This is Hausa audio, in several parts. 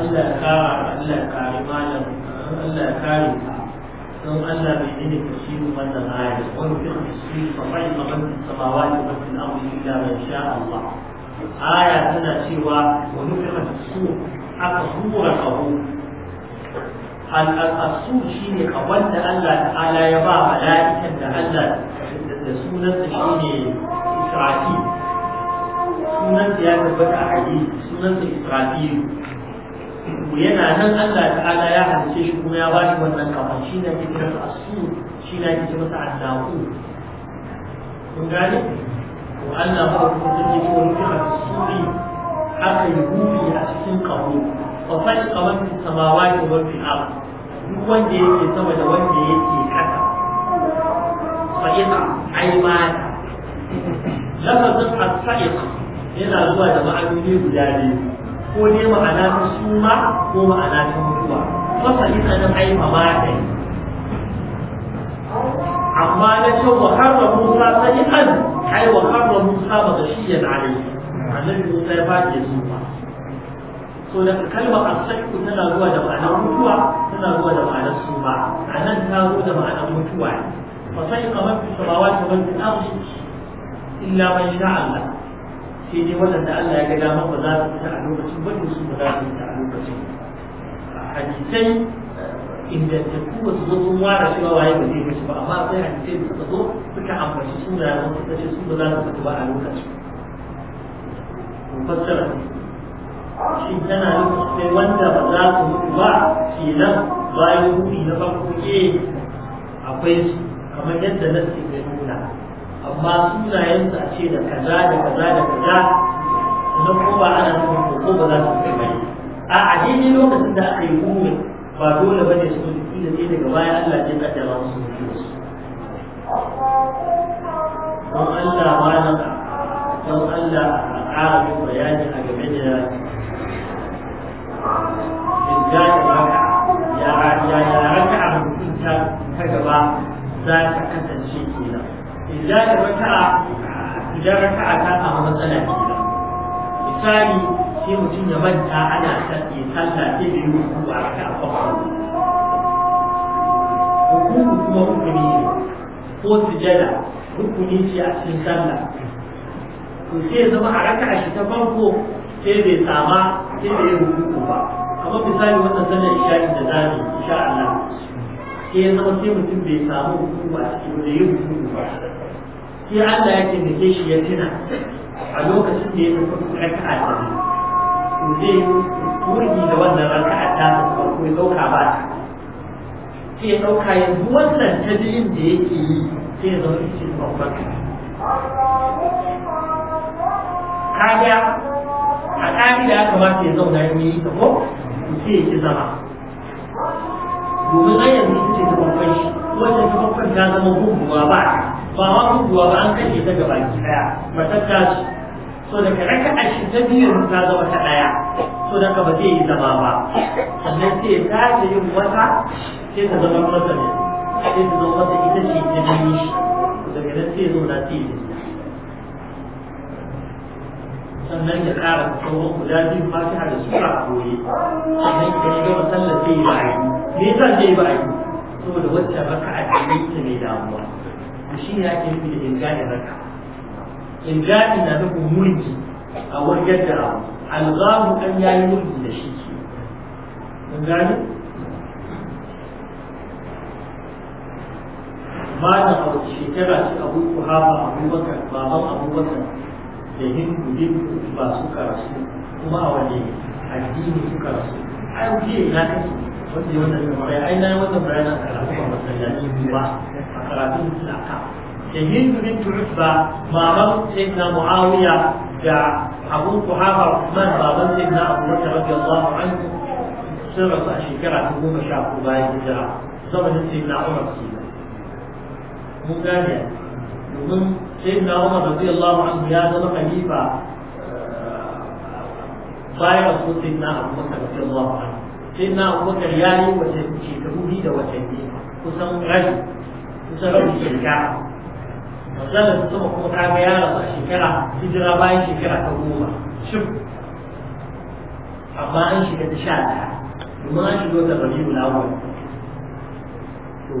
Allah ya kara Allah ya kare malam Allah ya kare ka don Allah bai ne tafsirin wannan ayar wani fi tafsir fa bai ma ban samawati wa ban amri illa man sha Allah aya tana cewa wani fi tafsir aka sura kawo al shi ne a wanda Allah ta'ala ya ba a mala'ikan da Allah da sunan shine Israfil sunan ya tabbata a yi, sunan Israfil yana nan Allah ta'ala ya halice shi kuma ya ba shi wannan kafa shi na ke kira asu shi na ke kira annahu kun gane ko Allah ba ku kun ji ko ku asuri aka yi hufi a cikin kawo fa fa kaman samawati wa fil ard duk wanda yake sama da wanda yake kasa fa ita ai ma lafazin as-sa'iq yana zuwa da ma'anoni guda biyu ko ne ma'ana ta suma ko ma'ana ta mutuwa fasa ina nan ai mamata amma na ce wa harba musa sai an ai wa harba musa ba da shi ya yana alai annabi musa ya bada ya suma so da kalmar asaiku tana zuwa da ma'anar mutuwa tana zuwa da ma'anar suma a nan ta zo da ma'anar mutuwa ne fasai kamar fi samawa kamar fi arshi illa man sha'an Allah sai dai waɗanda Allah ya ga dama ba za su fita a lokacin ba su ba za su fita a lokacin a hadisai inda ta kuma su zo sun ware cewa waye ba zai mutu ba amma sai hadisai da suka zo suka ambaci sunayen suka ce su ba za su fita ba a lokacin mufassara shi tana nufin sai wanda ba za su mutu ba kenan bayan hudu na farko ke eh, akwai su kamar yadda na amma sunayensa a ce da kaza da kaza da kaza na ko ba ana nufin ko ba za su kai bai a a lokacin da aka yi ba dole bane su mutu da sai daga baya Allah ya kaddara musu mutuwa don Allah Sani sai mutum ya manta ana ya sallah ke da yi ruku a raka a kwakwaro hukumu kuma hukumi ne ko sujada hukumi ce a cikin sallah to sai zama a raka a shi ta farko sai bai sama sai bai ruku ba kamar misali wannan sallar ki da zamu insha Allah sai ya zama sai mutum bai samu hukuma a cikin da yin ruku ba sai Allah ya taimake shi ya tuna a lokacin da ya tafi raka'a da ne to zai turgi da wannan raka'a ta farko ya dauka ba ta sai ya dauka yanzu wannan ta biyun da yake yi sai ya zama shi babban kaga a ƙa'ida ya kamata ya zauna ya yi ta ko sai ya ki zama domin ai yanzu ita ce ta babban shi wannan ta babban ta zama gurguwa ba ba ma gurguwa ba an kashe ta gaba ki daya matar ta so daga raka'a shi ta biyu ta zama ta daya so daga ba zai yi zama ba sannan sai ta ta yin wata sai ta zama masa ne sai ta zama masa ita ce ta biyu shi daga nan sai zo na ta yi sannan ya ƙara sauran guda biyu fatiha da sura a goye sannan idan ya masallar sallar sai ya ba'ayi me yasa zai ba'ayi saboda wacce raka'a ta ne ta mai damuwa shi ne ake nufi da inganin raka'a irja'i na nufin mulki a wajen da abu alghamu an yayi mulki da shi ke mun gane malam a wace shekara ce abu kuhama abubakar baban abubakar da hindu hindu ba su karasu kuma a wani addini su karasu. ai wuce na kasu wanda yi wannan kamar ai na yi wannan bayanan karatu ba masallaci ba a karatun da aka da hindu bin turba maman sayyidina muawiya da abu kuhaba usman baban sayyidina abu bakar radiyallahu anhu sun rasu a shekara ta goma sha uku bayan hijira zamanin sayyidina umar kenan mun gane domin sayyidina umar radiyallahu anhu ya zama khalifa eh, bayan rasu sayyidina abu bakar radiyallahu anhu sayyidina abu bakar ya yi watanni shekaru biyu da watanni kusan kusan manzala sama kuma kaga ya rasu shekara hijira bayan shekara ta goma Shin? amma an shiga ta sha ɗaya domin an shigo da rabi'ul awwal to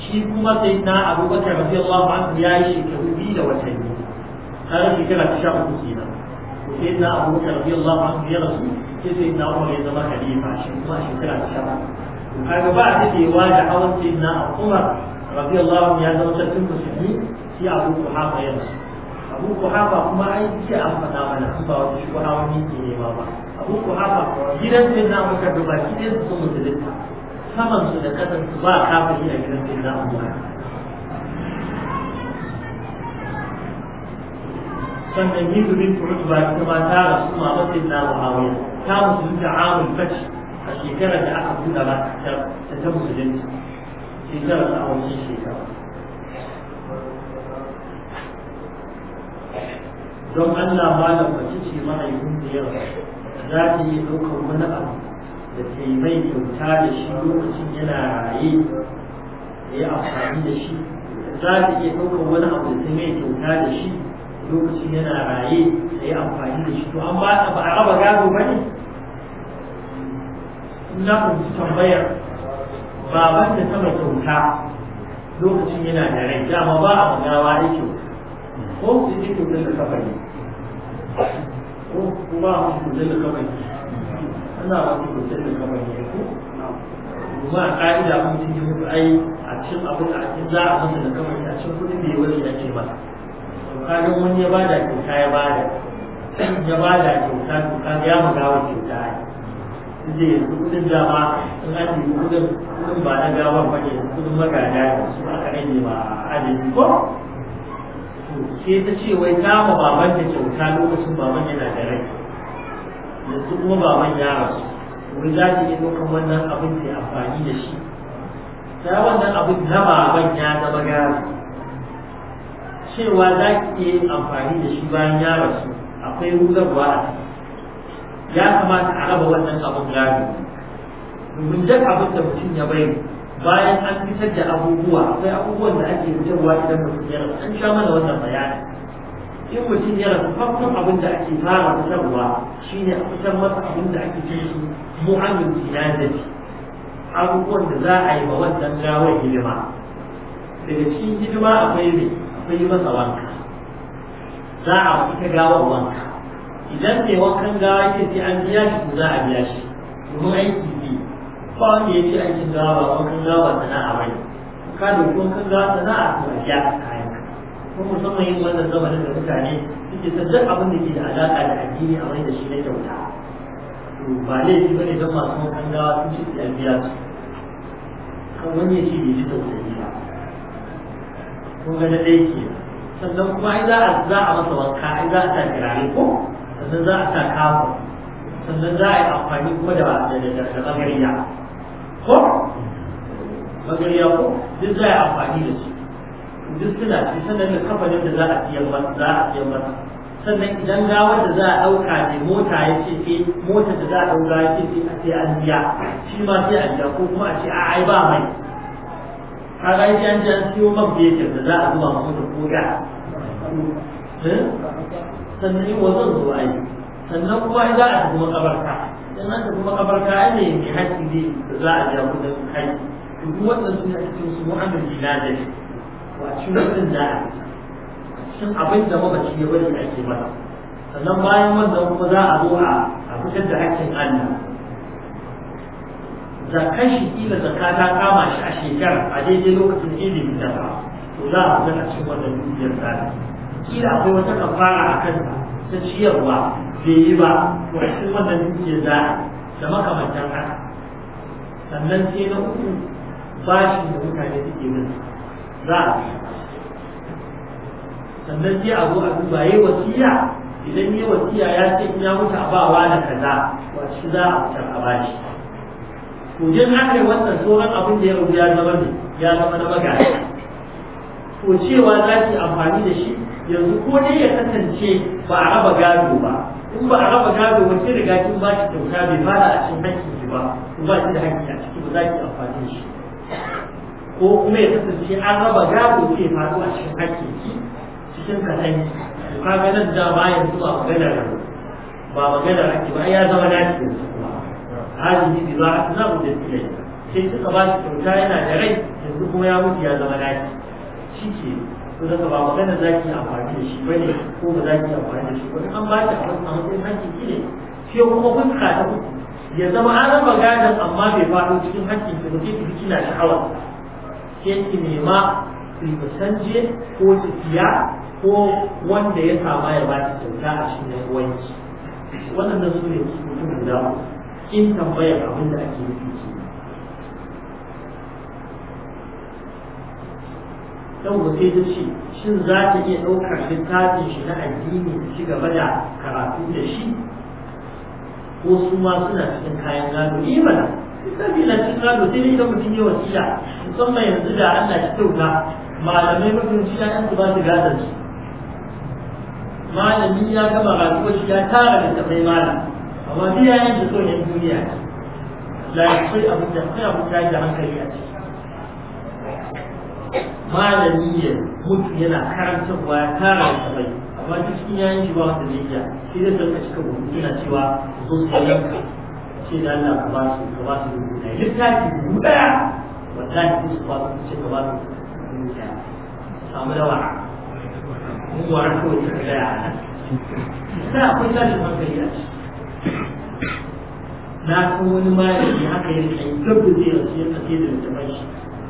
shi kuma sai na abubakar radiyallahu anhu ya yi shekaru biyu da watanni har shekara ta sha uku kenan to sai na abubakar radiyallahu anhu ya rasu sai sai na umar ya zama khalifa shi kuma shekara ta sha uku kaga ba a dadewa da hawan sai na a umar radiyallahu ya zama sarkin musulmi sai abu kuhafa ya rasu abu kuhafa kuma ai ce an mana su ba wani shugaba wani ke nema ba abu kuhafa gidan sai na muka duba gidan su musulunta saman su da kasan ba a gidan sai na muka sannan yi zubin kurutba ita ma ta rasu ma mafi na muhawiya ta musulunta amul fashi a shekarar da aka buɗa ba ta musulunta hijirar a wancan shekara don Allah mahaifin da za ta ɗaukar wani abu da ta mai kyauta da shi lokacin yana raye da ya amfani da shi za ta iya ɗaukar wani abu da kyauta da shi lokacin yana raye da amfani da shi to ba a raba gado ba ne na tambayar baban da sama kyauta lokacin yana da rai dama ba a ba da kyauta ko su ji kyautar da kafa ne ko kuma a musu kyautar da kafa ne ana ba su kyautar da kafa ne ko kuma a ƙa'ida mun sun mutu ai a cin abin a cikin za a masa da kafa ne a cin kuɗin da ya wani ya ce ba. to kaga wani ya ba da kyauta ya ba bada ya ba da kyauta to kaga ya magawa kyauta je yanzu kudin dama in an yi kudin kudin ba na gawan ba ne kudin magada su aka rage a adadi ko ke ta ce wai kama baban da kyauta lokacin baban yana da rai yanzu kuma baban ya rasu wai za ta yi dokan wannan abin da amfani da shi ta wannan abin na baban ya zama gari. cewa za ki iya amfani da shi bayan ya rasu akwai rugarwa a ciki ya kamata a raba wannan abun gado domin duk abin da mutum ya bai bayan an fitar da abubuwa akwai abubuwan da ake fitarwa idan mutum ya rasu an sha mana wannan bayani in mutum ya rasu farkon abin da ake fara fitarwa shine a fitar masa abin da ake cin su muhammin sinadari abubuwan da za a yi ma wannan gawar hidima daga cikin hidima akwai ne akwai masa wanka za a ita gawar wanka idan mai wankan gawa yake sai an biya shi ko za a biya shi domin aiki ne ba wanda ya ce aikin gawa ba wankan gawa sana'a ba ne ka da wankan gawa sana'a to a biya kayan kuma musamman yin wannan zamanin da mutane suke san duk abin da ke da alaƙa da addini a wani da shi na kyauta to ba laifi ba ne don masu wankan gawa sun ce sai an biya su kan wani ya ce bai ji tausayi ba kun ga na ɗaya ke sannan kuma ai za a masa wanka ai za a sa turare ko sannan za a sa kafa sannan za a yi amfani kuma da magariya ko magariya ko duk za a yi amfani da shi. duk suna shi sannan da kafanin da za a siyan masa za a siyan sannan idan gawar da za a ɗauka ne mota ya ce ke mota da za a ɗauka ya ce ke a ce an biya shi ma sai a biya ko kuma a ce a ai ba mai kaga yi ce an siyo man fetur da za a zuba masa da ko eh? sannan yi wa zan zo ai sannan kuma za a tafi makabarta idan an tafi makabarta ai ne mai haƙƙi ne da za a ja kudin haƙƙi to duk waɗannan suna cikin su mu'amar biladari wa cikin waɗannan da a cikin abin da mabaci ya bari ake masa sannan bayan wannan kuma za a zo a fitar da haƙƙin Allah zakar shi kila zaka ta kama shi a shekara a daidai lokacin ilimin da ba to za a zana cikin wannan dukiyar tsari kila akwai wata kafara a kan ta ciyarwa bai yi ba to a wannan dukiyar za da makamantan haka sannan sai na uku bashin da mutane suke min za a sannan sai a a duba yi wasiya idan yi wasiya ya ce ina ya mutu a da kaza wacce za a fitar a bashi to jin haka wannan sauran abin da ya rubu ya zama ne ya zama na magana to cewa za ki amfani da shi yanzu ko dai ya kasance ba a raba gado ba in ba a raba gado ba ki riga kin ba ki kyauta bai fara a cikin hakki ki ba ko ba ki da hakki a ciki ba za ki amfani da shi ko kuma ya kasance an raba gado ke faru a cikin hakki ki cikin kaɗan ka ga nan da ba yanzu ba magana ba ba magana hakki ba ya zama naci yanzu kuma hali ne za a tunan da sai suka ba shi kyauta yana da rai yanzu kuma ya mutu ya zama naci shi ke to daga ba magana za ki amfani da shi bane ko ba zaki ki amfani da shi wani an ba ki abin a matsayin hakki ki ne shi kuma fuska ta uku ya zama an raba gadon amma bai faɗo cikin hakkin ki ba sai ki kina sha'awa sai ki nema ribasanje ko tafiya ko wanda ya sama ya ba ki kyauta a cikin wani. Wannan da su ne su mutum da in tambayar abin da ake yi. yau sai ta ce shin za ta iya ɗaukar littafin shi na addini da shi, gaba da karatu da shi ko su ma suna cikin kayan gado ni eh mana littafi na cikin gado sai dai idan mutum ya wasiya musamman yanzu da Allah ya kyauta malamai mafi shi ya su ba su gadon su malami ya gama rayuwar shi ya tara da tafai malam amma duk yayin da so ne duniya la sai abu da sai abu da hankali a ciki malami ya mutu yana karantarwa ya tara da bai amma duk cikin yayin shi ba wata zai shi zai sarka cika rubutu yana cewa zo su yanka ce da Allah ka ba su ka ba su rubuta littafi guda wallahi ko su ba su ce ka ba su rubuta samu da wara mun wara kawai ta kada ya hana sai akwai tashin hankali a ciki na san wani malami haka yake yi gaba zai rasu ya tafi da littafin shi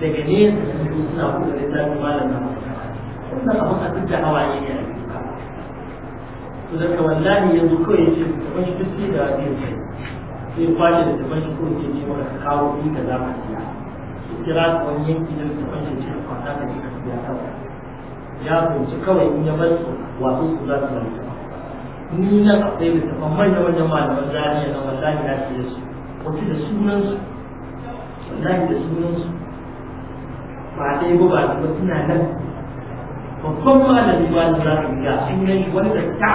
daga ne suna kuka da zafin malam na wannan abin a duk da hawaye ne to daga wallahi yanzu kawai ya ce taban shi duk sai da zai kai sai kwashe da taban shi kawai ke nema ka kawo biyu da za ka siya ki kira ka wani yanki da taban shi ce ka kwasa ka je ka siya kawai ya kunci kawai in ya bar su wasu su za su bar ni nan akwai littafan manyan manyan malaman zaniya na wallahi ya ce su wasu da sunansu wallahi da sunansu ba dai ba ba ba suna nan babban malami ba da za ka ga an yi wani da ta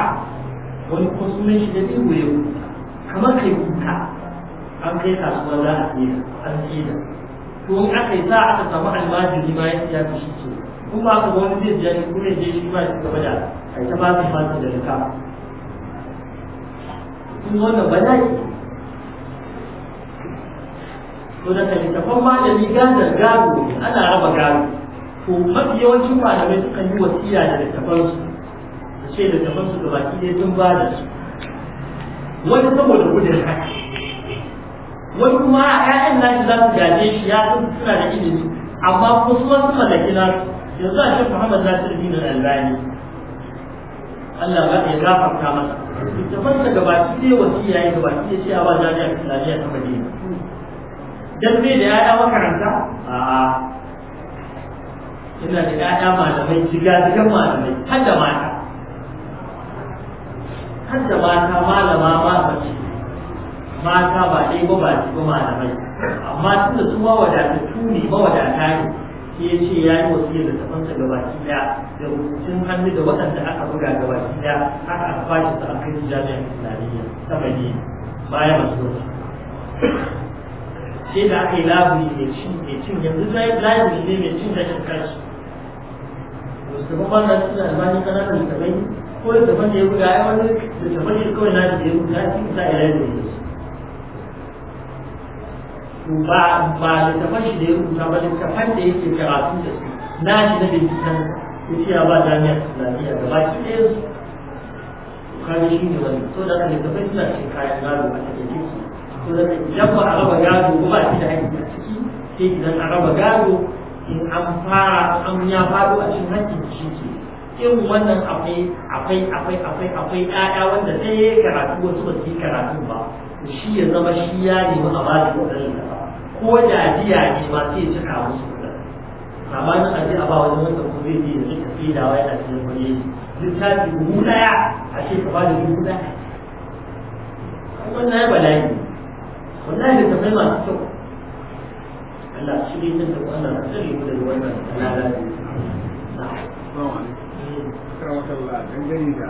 wani kusurin shi da zai wuri kamar kai kuka an kai kasuwa za a tsira an tsira to in aka yi za ka samu almajiri ma ya tsaya da shi ce kuma aka wani zai ziyar da kuma ya shi ba ya gaba da a yi ta ba su ba su da rika kun bala'i to daga littafan malami gadar gado ana raba gado to mafi yawancin malamai sukan yi wasiya da littafan su da ce littafan su gabaki ɗaya sun bada su wani saboda gudun haka wani kuma ƴaƴan nashi za su gaje shi ya san suna da ilimi amma kuma su wasu mallaki na yanzu a shi Muhammad su bin al allahi. Allah ba ya gafarta masa littafan sa gabaki ɗaya wasiya ya gabaki ɗaya ce a ba jami'a Islamiyya ta Madina dan me da yaya makaranta a'a ina da yaya malamai jiga jigan malamai har da mata har da mata malama ma ba shi, mata ba dai ba ba shi ba malamai amma tun da su mawadatattu ne mawadata ne shi ya ce ya yi wasiyar da tafansa gaba ɗaya da rubutun hannu da waɗanda aka buga gaba ɗaya aka aka bashi su a kai su jami'an islamiyya ta madina bayan masu sai da aka yi laburi mai cin mai cin yanzu yi laburi ne mai cin gashin kashi wasu kuma ba su da albani kana da littafai ko da littafan da ya buga ya wani da littafan shi kawai na da ya buga ya fi sa ila da su ba ba littafan shi da ya rubuta ba da littafan da yake karatu da su na shi da na binciken tafiya ba jami'ar islamiyya da baki ɗaya su kaji shi ne wani so da aka yi littafai da shi kayan gado a cikin su to da idan ba a raba gado ba shi da haƙƙi a ciki sai idan a raba gado in an fara an ya faɗo a cikin haƙƙin shi ke irin wannan akwai akwai akwai akwai akwai ƴaƴa wanda sai ya karatu wasu ba su yi karatu ba shi ya zama shi ya nemi a ba shi waɗannan ko da jiya ne ma sai ya cika musu amma na aje a ba wani wanda ko zai je da tafi da wai a cikin wani littafi dubu daya a shekara da dubu daya wannan ya bala'i wallahi da tafai masu kyau Allah shi ne nan da wannan tsari da wannan lalaci karamar dangane da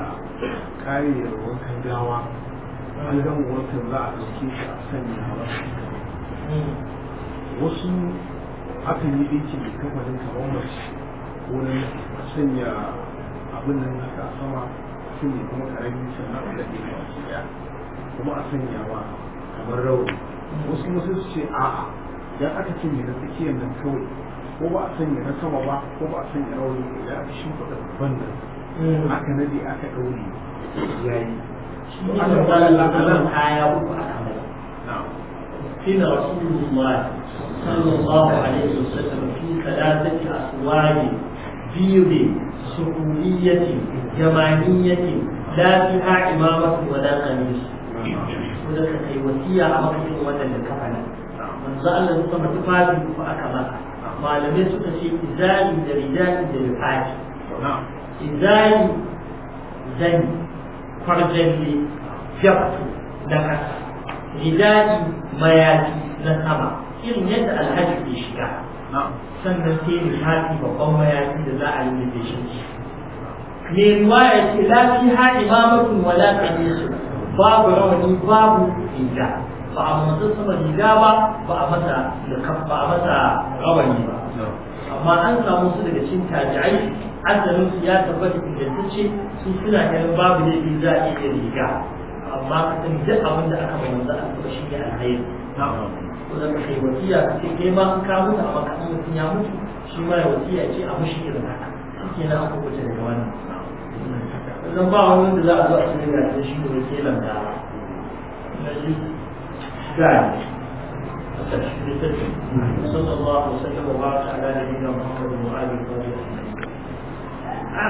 kariyar wankan gawa an gama wankan za a ɗauke shi a sanya hawa wasu aka yi ɗinki da kamfanin kamar mace a sanya abin nan haka a sama sun yi kuma karami sannan a daɗe da wasu ɗaya kuma a sanya sanyawa kamar rawa wasu masu su ce a'a idan aka ce mai na tsakiyar nan kawai ko ba a sanya na sama ba ko ba a sanya rauni idan aka shimfiɗa babban nan mm. aka nade aka ɗaure yayi aka fara lakalan kaya uku aka mai فينا su الله صلى الله عليه وسلم في ثلاثة أسوار بيض سعودية يمانية لا فيها إمامة ولا قميص don ka kai wasiya a maka wannan da ka faɗa manzo Allah ya da tufafi ko aka ba malamai suka ce izali da rijali da rifaki izali zani kwarjalli jabtu da kasa rijali mayafi na sama irin yadda alhaji ke shiga sannan sai rihati babban mayafi da za a yi da shi ne ruwa ya ce lafi ha imamatun wala kamisu babu rawani babu riga ba a masa sama riga ba ba a masa ba a masa rawani ba amma an samu su daga cikin tabi'ai da su ya tabbata ingantacce su suna ganin babu ne za a iya riga amma ka san duk abin da aka za a kuma shi ne alheri ko da kai wasiya ce kai ma in ka mutu amma ka mutum ya mutu shi ma wasiya ce a mushi irin haka shikenan aka wuce daga wannan sannan ba wani wanda za a zo a cikin yadda shi ne ke nan da gani a tashi da tashi a ba a kada da